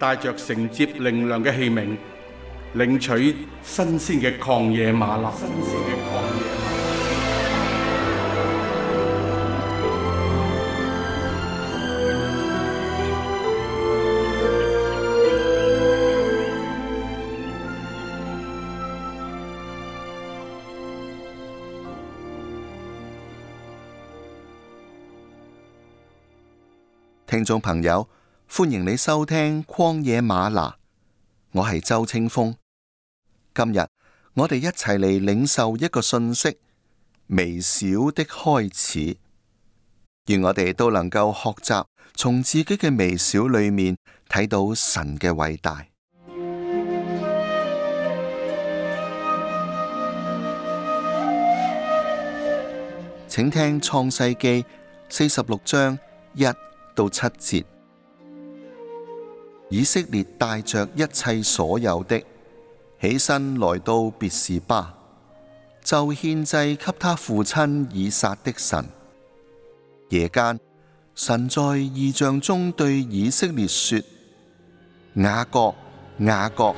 帶着承接靈糧嘅器皿，領取新鮮嘅曠野嗎哪。馬聽眾朋友。歡迎你收聽曠野嗎哪，我係周清風。今日我哋一齊嚟領受一個信息，微小的開始。願我哋都能夠學習，從自己嘅微小裏面睇到神嘅偉大。 請聽創世記四十六章一到七節。以色列帶着一切所有的起身來到別是巴，就獻祭給他父親以撒的神。夜間，神在異象中對以色列說：雅各，雅各，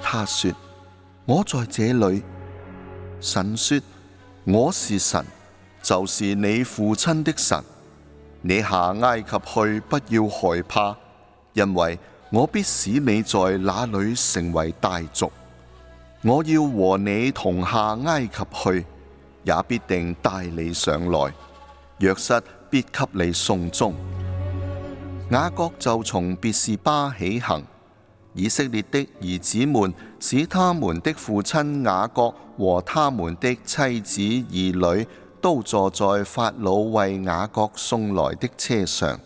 他說：我在這裏。神說：我是神，就是你父親的神。你下埃及去，不要害怕，因為。我必使你在那裏成為大族，我要和你同下埃及去，也必定帶你上來。約瑟必給你送終。雅各就從別是巴起行，以色列的兒子們使他們的父親雅各和他們的妻子兒女都坐在法老為雅各送來的車上。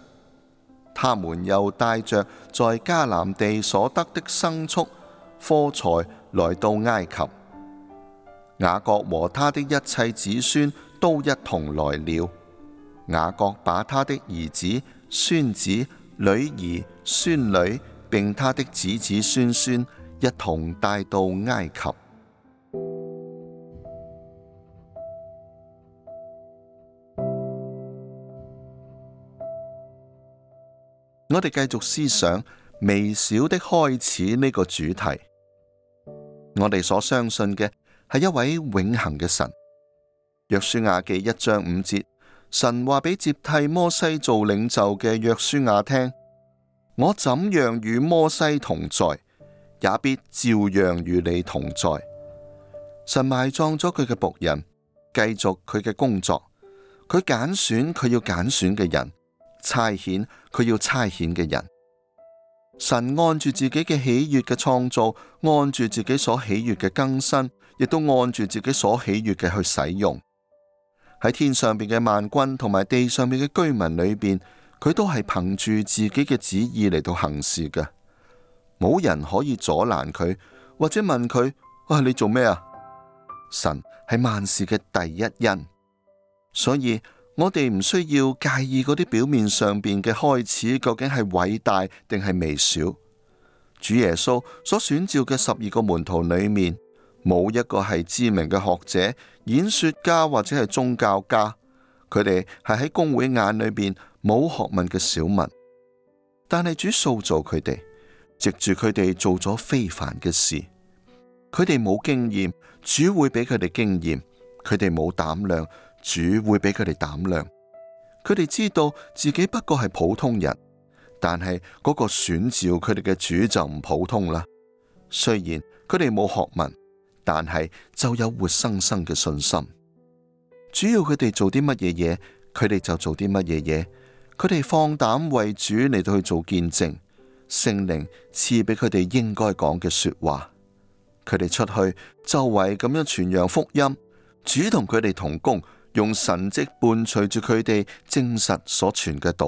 他們又帶著在迦南地所得的牲畜、貨財來到埃及。雅各和他的一切子孫都一同來了。雅各把他的兒子、孫子、女兒、孫女並他的子子孫孫一同帶到埃及。我哋繼續思想微小的開始呢個主題。我哋所相信嘅係一位永恒嘅神。約書亞記一章五節，神話俾接替摩西做領袖嘅約書亞聽：我怎樣與摩西同在，也必照樣與你同在。神埋葬咗佢嘅僕人，繼續佢嘅工作。佢揀選佢要揀選嘅人。差遣佢要差遣嘅人，神按住自己嘅喜悅嘅創造，按住自己所喜悅嘅更新，亦都按住自己所喜悅嘅去使用。喺天上邊嘅萬軍同埋地上邊嘅居民裏邊，佢都係憑住自己嘅旨意嚟到行事嘅，冇人可以阻攔佢，或者問佢：喂、哎，你做咩啊？神係萬事嘅第一因，所以，我哋唔需要介意嗰啲表面上邊嘅開始，究竟係偉大定係微小。主耶穌所選召嘅十二個門徒裏面，冇一個係知名嘅學者、演說家或者係宗教家。佢哋係喺公會眼裏邊冇學問嘅小民，但係主塑造佢哋，藉住佢哋做咗非凡嘅事。佢哋冇經驗，主會俾佢哋經驗；佢哋冇膽量。主會俾佢哋膽量，佢哋知道自己不過係普通人，但係嗰個選召佢哋嘅主就唔普通啦。雖然佢哋冇學問，但係就有活生生嘅信心。主要佢哋做啲乜嘢嘢，佢哋就做啲乜嘢嘢。佢哋放膽為主嚟到去做見證，聖靈賜俾佢哋應該講嘅說話。佢哋出去周圍咁樣傳揚福音，主同佢哋同工。用神蹟伴隨住佢哋證實所傳嘅道，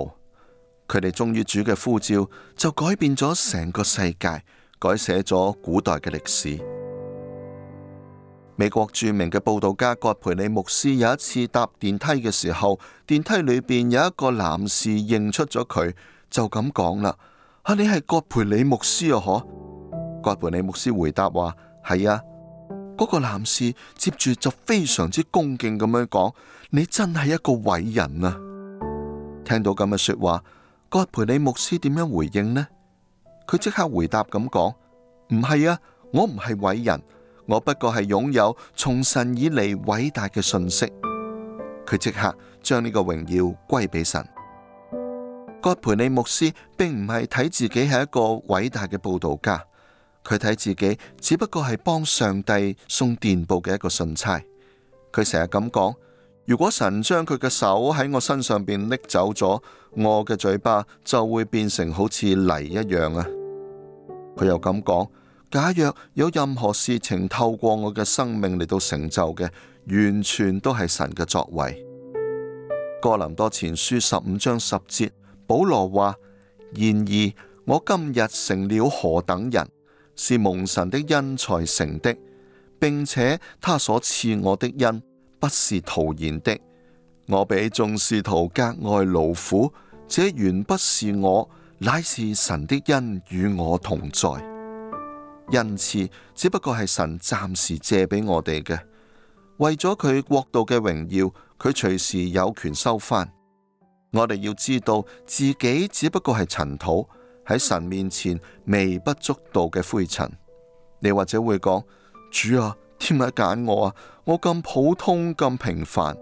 佢哋忠於主嘅呼召就改變咗成個世界，改寫咗古代嘅歷史。美國著名嘅報道家葛培理牧師有一次搭電梯嘅時候，電梯裏邊有一個男士認出咗佢，就咁講啦：吓、啊、你係葛培理牧師啊？嗬，葛培理牧師回答話：係啊。嗰個男士接住就非常之恭敬咁樣講：「你真係一個偉人啊！」聽到咁嘅說話，葛培理牧師點樣回應呢？佢即刻回答咁講：「唔係啊，我唔係偉人，我不過係擁有從神以嚟偉大嘅信息。」佢即刻將呢個榮耀歸俾神。葛培理牧師並唔係睇自己係一個偉大嘅佈道家。佢睇自己只不過係幫上帝送電報嘅一個信差。佢成日咁講：如果神將佢嘅手喺我身上邊拎走咗，我嘅嘴巴就會變成好似泥一樣啊！佢又咁講：假若有任何事情透過我嘅生命嚟到成就嘅，完全都係神嘅作為。哥林多前書十五章十節，保羅話：然而我今日成了何等人！是蒙神的恩才成的，並且他所賜我的恩不是徒然的。我比眾使徒格外勞苦，這原不是我，乃是神的恩與我同在。恩賜只不過係神暫時借俾我哋嘅，為咗佢國度嘅榮耀，佢隨時有權收翻。我哋要知道自己只不過係塵土。喺神面前微不足道嘅灰塵，你或者會講，主啊，點解揀我啊？我咁普通，咁平凡。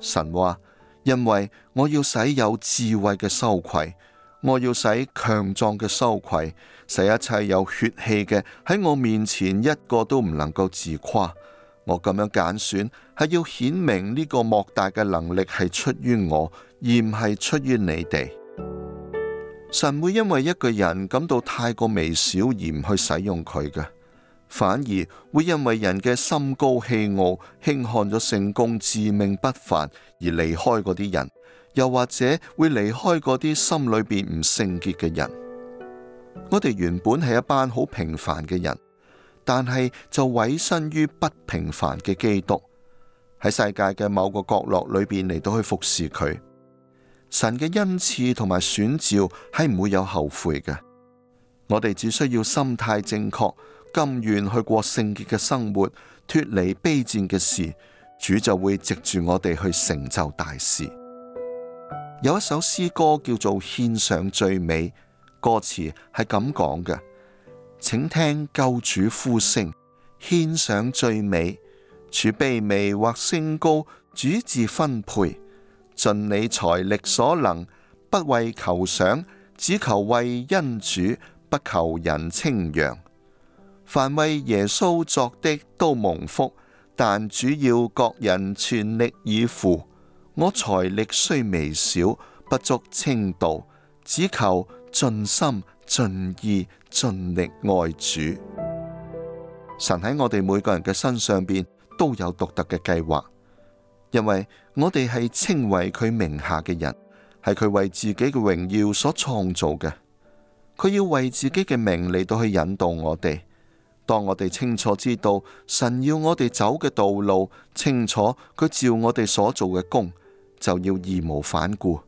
神話，因為我要使有智慧嘅羞愧，我要使強壯嘅羞愧，使一切有血氣嘅喺我面前一個都唔能夠自誇。我咁樣揀選，係要顯明呢個莫大嘅能力係出於我，而唔係出於你哋。神會因為一個人感到太過微小而唔去使用佢嘅，反而會因為人嘅心高氣傲、輕看咗聖工、自命不凡而離開嗰啲人，又或者會離開嗰啲心裏邊唔聖潔嘅人。我哋原本係一班好平凡嘅人，但係就委身於不平凡嘅基督喺世界嘅某個角落裏邊嚟到去服侍佢。神嘅恩賜同埋選召係唔會有後悔嘅，我哋只需要心態正確，甘願去過聖潔嘅生活，脫離卑賤嘅事，主就會藉住我哋去成就大事。有一首詩歌叫做《獻上最美》，歌詞係咁講嘅，請聽救主呼聲，獻上最美，處卑微或升高，主自分配。盡你財力所能，不為求賞，只求為恩主，不求人稱揚。凡為耶穌作的都蒙福，但主要各人全力以赴。我財力雖微小，不足稱道，只求盡心、盡意、盡力愛主。神喺我哋每個人嘅身上邊都有獨特嘅計劃。因為我哋係稱為佢名下嘅人，係佢為自己嘅榮耀所創造嘅。佢要為自己嘅名嚟到去引導我哋。當我哋清楚知道神要我哋走嘅道路，清楚佢照我哋所做嘅功，就要義無反顧，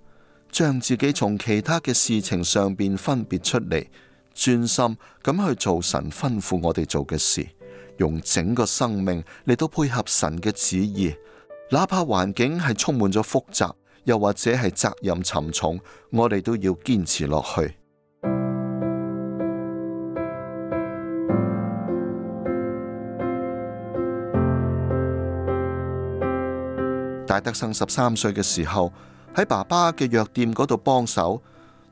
將自己從其他嘅事情上面分別出嚟，專心咁去做神吩咐我哋做嘅事，用整個生命嚟到配合神嘅旨意。哪怕環境係充滿咗複雜，又或者係責任沉重，我哋都要堅持落去。戴 德生十三歲嘅時候喺爸爸嘅藥店嗰度幫手，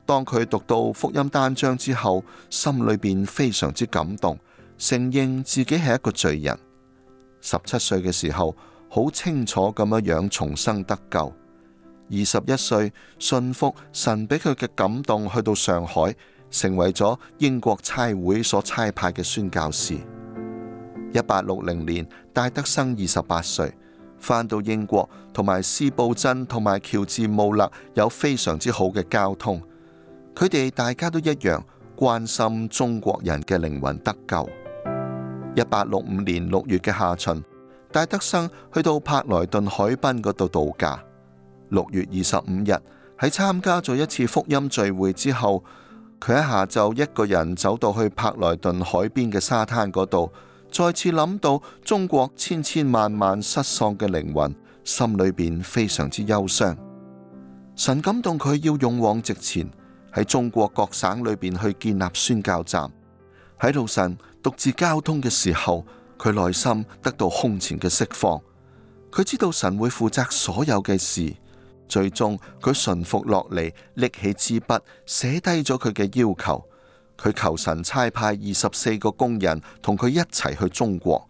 當佢讀到福音單張之後，心裏邊非常之感動，承認自己係一個罪人。十七歲嘅時候。好清楚咁樣樣重生得救，二十一歲信服神俾佢嘅感動，去到上海成為咗英國差會所差派嘅宣教士。一八六零年戴德生二十八歲，返到英國同埋司布真同埋喬治穆勒有非常之好嘅交通，佢哋大家都一樣關心中國人嘅靈魂得救。一八六五年六月嘅下旬，戴德生去到柏萊頓海濱嗰度度假。六月二十五日喺參加咗一次福音聚會之後，佢喺下晝一個人走到去柏萊頓海邊嘅沙灘嗰度，再次諗到中國千千萬萬失喪嘅靈魂，心裏邊非常之憂傷。神感動佢要勇往直前喺中國各省裏邊去建立宣教站。喺路神獨自交通嘅時候。佢內心得到空前嘅釋放，佢知道神會負責所有嘅事，最終佢順服落嚟，拎起支筆寫低咗佢嘅要求。佢求神差派二十四個工人同佢一齊去中國。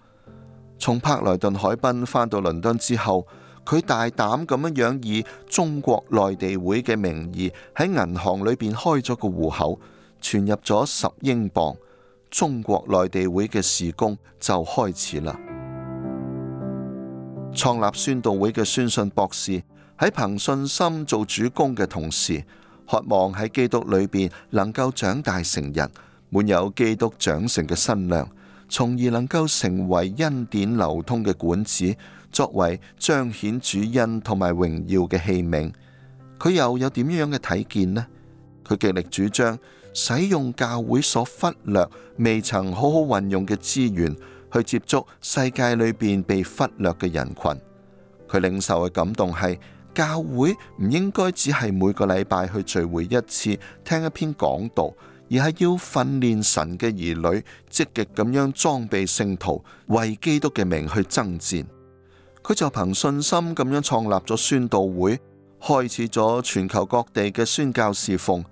從柏萊頓海濱返到倫敦之後，佢大膽咁樣樣以中國內地會嘅名義喺銀行裏邊開咗個戶口，存入咗十英鎊。中國內地會嘅事工就開始啦。創立宣道會嘅宣信博士喺憑信心做主工嘅同時，渴望喺基督裏邊能夠長大成人，滿有基督長成嘅身量，從而能夠成為恩典流通嘅管子，作為彰顯主恩同埋榮耀嘅器皿。佢又有點樣嘅睇見呢？佢極力主張。使用教會所忽略、未曾好好運用嘅資源，去接觸世界裏邊被忽略嘅人群。佢領受嘅感動係，教會唔應該只係每個禮拜去聚會一次，聽一篇講道，而係要訓練神嘅兒女，積極咁樣裝備聖徒，為基督嘅名去爭戰。佢就憑信心咁樣創立咗宣道會，開始咗全球各地嘅宣教侍奉。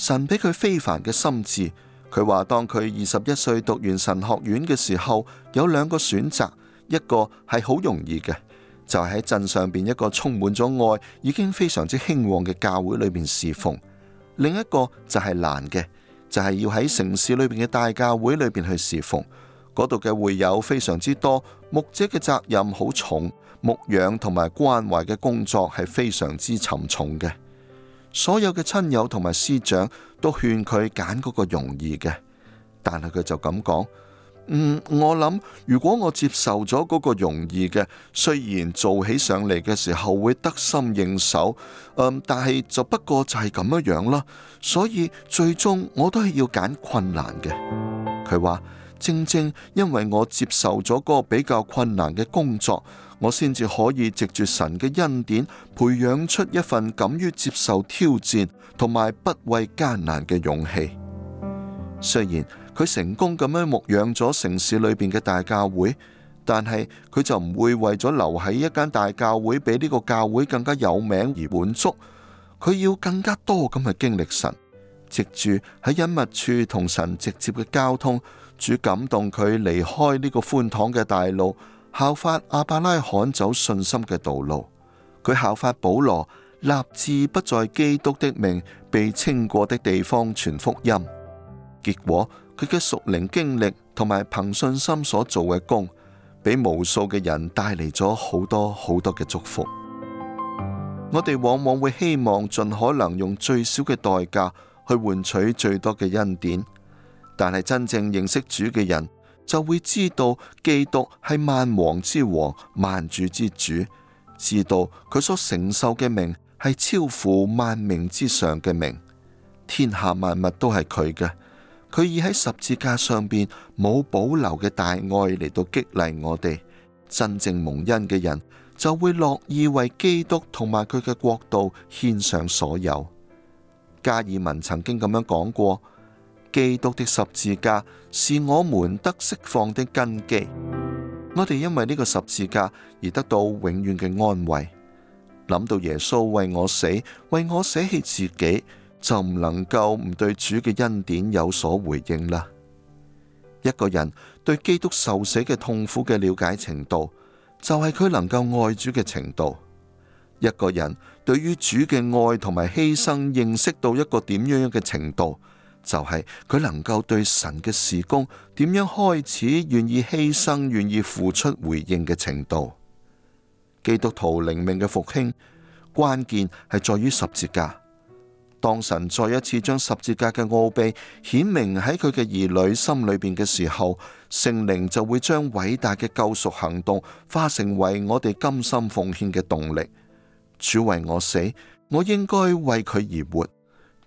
神俾佢非凡嘅心智，佢話當佢二十一歲讀完神學院嘅時候，有兩個選擇，一個係好容易嘅，就係喺鎮上邊一個充滿咗愛、已經非常之興旺嘅教會裏面侍奉；另一個就係難嘅，就係要喺城市裏邊嘅大教會裏邊去侍奉，嗰度嘅會友非常之多，牧者嘅責任好重，牧養同埋關懷嘅工作係非常之沉重嘅。所有嘅親友同埋師長都勸佢揀嗰個容易嘅，但係佢就咁講：嗯，我諗如果我接受咗嗰個容易嘅，雖然做起上嚟嘅時候會得心應手，嗯，但係就不過就係咁樣樣啦。所以最終我都係要揀困難嘅。佢話正正因為我接受咗嗰個比較困難嘅工作。我先至可以藉住神嘅恩典培養出一份敢於接受挑戰同埋不畏艱難嘅勇氣。雖然佢成功咁樣牧養咗城市裏邊嘅大教會，但係佢就唔會為咗留喺一間大教會，比呢個教會更加有名而滿足。佢要更加多咁去經歷神，藉住喺隱密處同神直接嘅交通，主感動佢離開呢個寬敞嘅大路。效法亞伯拉罕走信心嘅道路，佢效法保羅立志不在基督的名被稱過的地方傳福音。結果佢嘅屬靈經歷同埋憑信心所做嘅工俾無數嘅人帶嚟咗好多好多嘅祝福。我哋往往會希望盡可能用最少嘅代價去換取最多嘅恩典，但係真正認識主嘅人，就會知道基督係萬王之王、萬主之主，知道佢所承受嘅名係超乎萬名之上嘅名，天下萬物都係佢嘅。佢以喺十字架上邊冇保留嘅大愛嚟到激勵我哋，真正蒙恩嘅人就會樂意為基督同埋佢嘅國度獻上所有。加爾文曾經咁樣講過。基督的十字架是我們得釋放的根基。我哋因為呢個十字架而得到永遠嘅安慰。諗到耶穌為我死，為我捨棄自己，就唔能夠唔對主嘅恩典有所回應啦。一個人對基督受死嘅痛苦嘅了解程度，就係佢能夠愛主嘅程度。一個人對於主嘅愛同埋犧牲，認識到一個點樣樣嘅程度。就係佢能夠對神嘅事工點樣開始，願意犧牲、願意付出回應嘅程度。基督徒靈命嘅復興，關鍵係在於十字架。當神再一次將十字架嘅奧秘顯明喺佢嘅兒女心裏邊嘅時候，聖靈就會將偉大嘅救贖行動化成為我哋甘心奉獻嘅動力。主為我死，我應該為佢而活。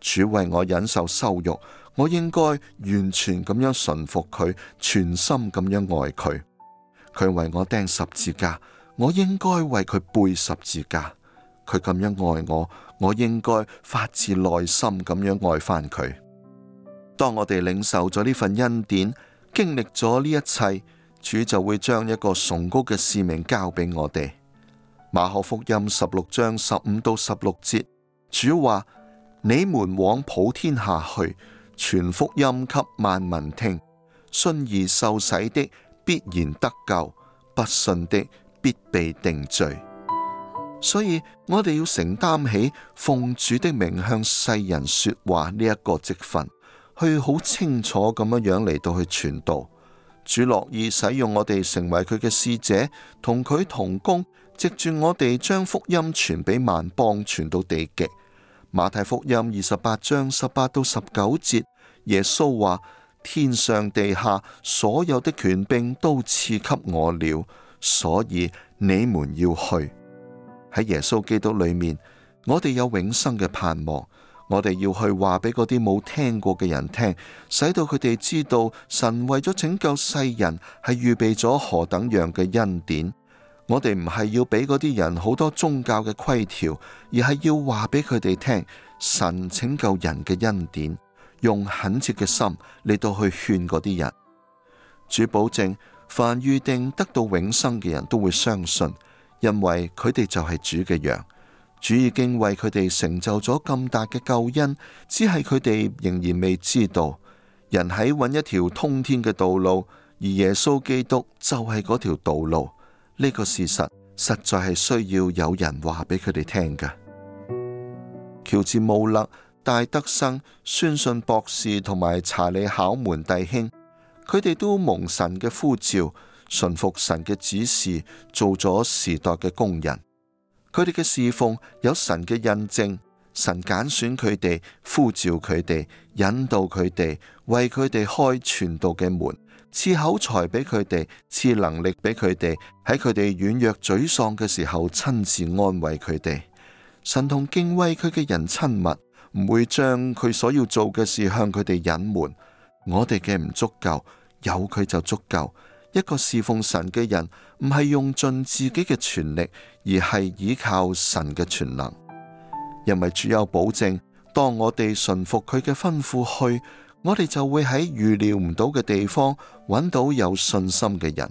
主為我忍受羞辱，我應該完全咁樣順服佢，全心咁樣愛佢。佢為我釘十字架，我應該為佢背十字架。佢咁樣愛我，我應該發自內心咁樣愛返佢。當我哋領受咗呢份恩典，經歷咗呢一切，主就會將一個崇高嘅使命交俾我哋。馬可福音十六章十五到十六節，主話。你們往普天下去，傳福音給萬民聽。信而受洗的必然得救，不信的必被定罪。所以我哋要承擔起奉主的名向世人說話呢一個職分，去好清楚咁樣樣嚟到去傳道。主樂意使用我哋成為佢嘅使者，同佢同工，藉住我哋將福音傳俾萬邦，傳到地極。馬太福音二十八章十八到十九節，耶穌話：天上地下所有的權柄都賜給我了，所以你們要去。喺耶穌基督裏面，我哋有永生嘅盼望，我哋要去話俾嗰啲冇聽過嘅人聽，使到佢哋知道神為咗拯救世人，係預備咗何等樣嘅恩典。我哋唔係要俾嗰啲人好多宗教嘅規條，而係要話俾佢哋聽神拯救人嘅恩典，用懇切嘅心嚟到去勸嗰啲人。主保證，凡預定得到永生嘅人都會相信，因為佢哋就係主嘅羊。主已經為佢哋成就咗咁大嘅救恩，只係佢哋仍然未知道。人喺揾一條通天嘅道路，而耶穌基督就係嗰條道路。呢個事實實在係需要有人話俾佢哋聽嘅。喬治·穆勒、戴德生、宣信博士同埋查理·考門弟兄，佢哋都蒙神嘅呼召，順服神嘅指示，做咗時代嘅工人。佢哋嘅侍奉有神嘅印證，神揀選佢哋，呼召佢哋，引導佢哋，為佢哋開傳道嘅門。賜口才俾佢哋，賜能力俾佢哋，喺佢哋軟弱沮喪嘅時候，親自安慰佢哋。神同敬畏佢嘅人親密，唔會將佢所要做嘅事向佢哋隱瞞。我哋嘅唔足夠，有佢就足夠。一個侍奉神嘅人，唔係用盡自己嘅全力，而係依靠神嘅全能。因為主有保證，當我哋順服佢嘅吩咐去。我哋就會喺預料唔到嘅地方揾到有信心嘅人。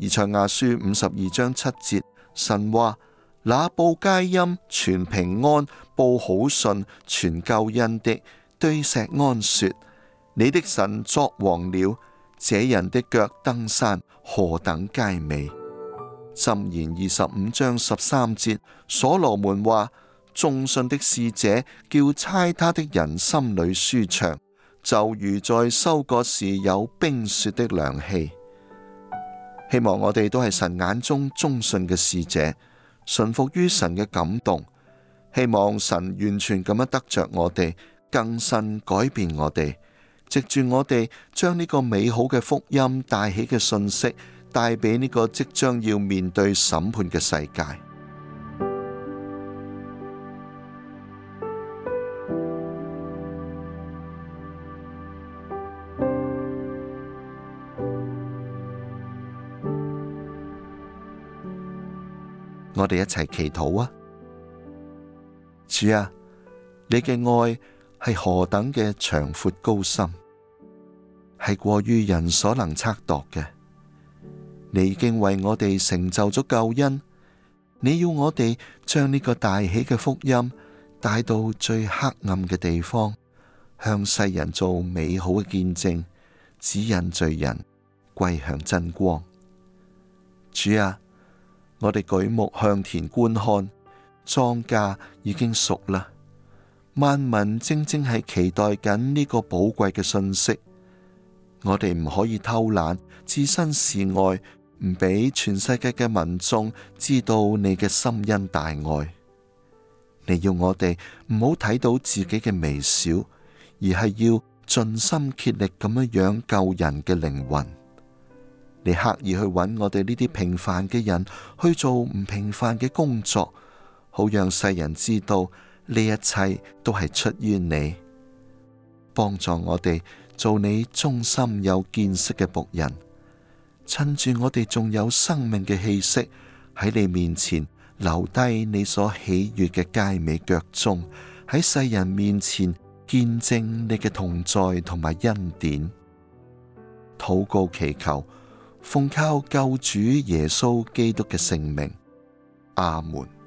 而賽亞書五十二章七節，神話那報佳音，傳平安，報好信，傳救恩的對錫安說：你的神作王了，這人的腳登山何等佳美。箴言二十五章十三節，所羅門話：忠信的使者叫差他的人心裏舒暢。就如在收割時有冰雪的涼氣，希望我哋都係神眼中忠信嘅使者，順服於神嘅感動。希望神完全咁樣得着我哋，更新改變我哋，藉住我哋將呢個美好嘅福音帶起嘅信息帶俾呢個即將要面對審判嘅世界。我哋一齊祈禱啊！主啊，你嘅愛係何等嘅長闊高深，係過於人所能測度嘅。你已經為我哋成就咗救恩，你要我哋將呢個大喜嘅福音帶到最黑暗嘅地方，向世人做美好嘅見證，指引罪人，歸向真光。主啊！我哋舉目向田觀看，莊稼已經熟啦。萬民正正係期待緊呢個寶貴嘅信息。我哋唔可以偷懶，置身事外，唔俾全世界嘅民眾知道你嘅心恩大愛。你要我哋唔好睇到自己嘅微小，而係要盡心竭力咁樣樣救人嘅靈魂。你刻意去揾我哋呢啲平凡嘅人去做唔平凡嘅工作，好讓世人知道呢一切都係出於你，幫助我哋做你忠心有見識嘅僕人。趁住我哋仲有生命嘅氣息喺你面前，留低你所喜悅嘅佳美腳蹤，喺世人面前見證你嘅同在同埋恩典。禱告祈求。奉靠救主耶穌基督嘅聖名，阿門。